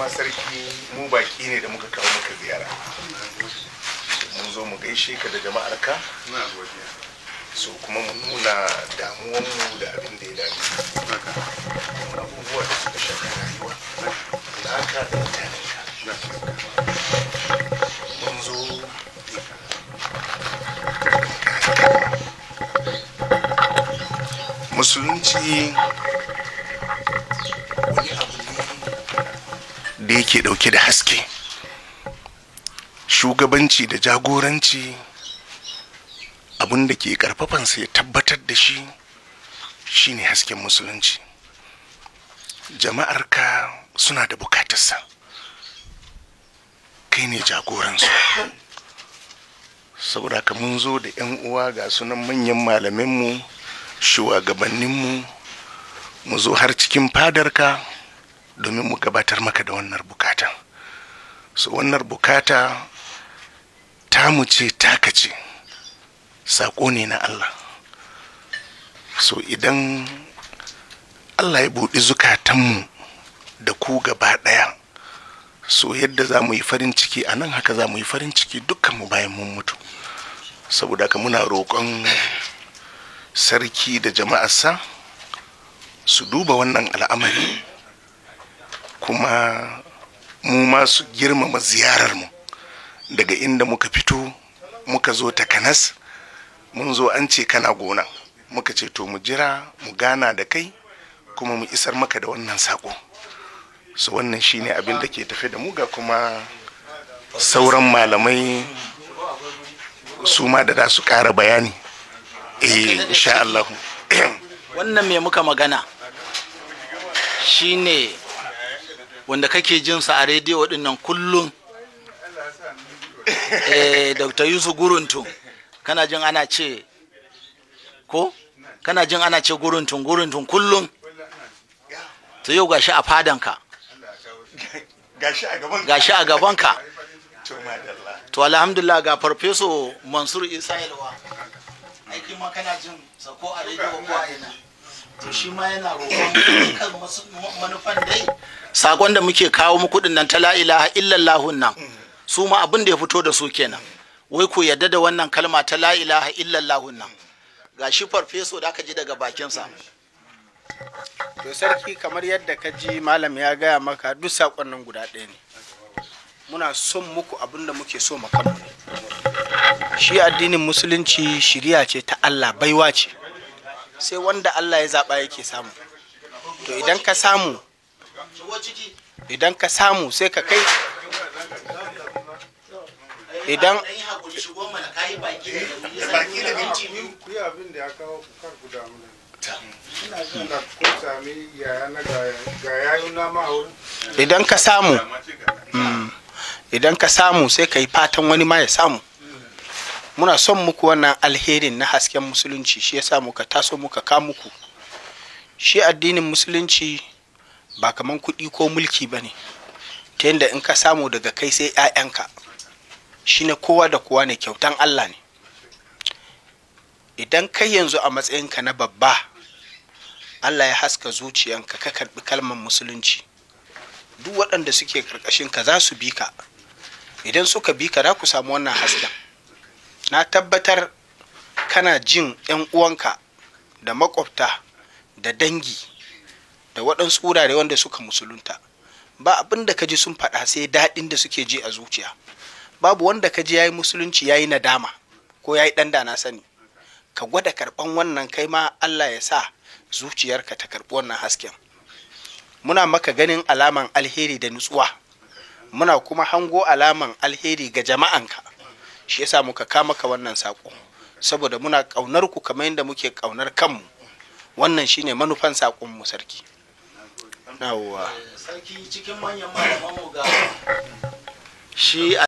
ma sarki mu baki ne da muka kawo maka ziyara mun zo mu gaishe ka da jama'ar ka so kuma mu nuna mu da abin da ya dame abubuwa da suka shafi rayuwa na ka da mutanen ka mun zo musulunci da yake dauke da haske shugabanci da jagoranci abun da ke karfafansa ya tabbatar da shi shine hasken musulunci jama'ar ka suna da bukatarsa kai ne jagoransu saboda ka mun zo da 'yan uwa ga sunan manyan malaminmu shugabanninmu mu zo har cikin fadarka domin mu gabatar maka da wannan bukata so wannan bukata mu ce taka ce saƙo ne na allah so idan allah ya buɗi zukatanmu da ku gaba ɗaya so yadda za mu yi farin ciki a nan haka za mu yi farin ciki dukkanmu bayan mun mutu saboda haka muna roƙon sarki da jama'arsa su duba wannan al'amari kuma mu ma su girmama ziyarar mu daga inda muka fito muka zo takanas mun zo an ce kana gona muka ce to mu jira mu gana da kai kuma mu isar maka da wannan sako su wannan shine abin da ke tafe da mu ga kuma sauran malamai su ma da za su ƙara bayani eh wannan me muka magana shine wanda kake jinsa a rediyo dinnan kullum eh dr yusuf guruntu kana jin ana ce ko kana jin ana ce guruntun guruntun kullum to yau gashi a fadanka gashi a gabanka to alhamdulillah ga farfeso mansur isa yalwa aiki ma kana jin sako a rediyo ko a ina sakon da muke kawo muku din nan ta la ilaha illallah nan su ma abin da ya fito da su kenan wai ku yarda da wannan kalma ta la ilaha illallah nan gashi farfeso da aka ji daga bakinsa to sarki kamar yadda ka ji malam ya gaya maka duk sakon nan guda ɗaya ne muna son muku abin da muke so makamu shi addinin musulunci shiriya ce ta Allah baiwa ce sai wanda Allah ya zaɓa yake samu to idan ka samu idan ka samu sai ka kai idan idan ka samu mm, idan ka samu sai ka yi fatan wani ma ya samu muna son muku wannan alherin na hasken musulunci shi yasa muka taso muka ka muku shi addinin musulunci ba kaman kuɗi ko mulki ba ne ta yadda in ka samu daga kai sai 'ya'yanka shi ne kowa da kowa ne kyautan allah ne idan kai yanzu a matsayinka na babba allah ya haska zuciyanka ka karɓi kalmar musulunci duk waɗanda suke ƙarƙashinka za su bi ka idan suka bi ka za ku samu wannan hasken na tabbatar kana jin 'yan uwanka da makwabta da dangi da waɗansu wurare wanda suka musulunta ba abin da ka ji sun faɗa sai daɗin da suke ji a zuciya babu wanda ka ji ya yi musulunci ya yi nadama ko ya yi ɗan dana sani ka gwada karɓan wannan kai ma allah ya sa zuciyarka ta karɓi wannan hasken muna maka ganin alaman alheri da nutsuwa muna kuma hango alaman alheri ga jama'anka shi yasa muka kama ka wannan saƙo saboda muna ƙaunar ku kamar yadda muke ƙaunar kanmu wannan shine manufan sakon mu eh, sarki cikin manyan shi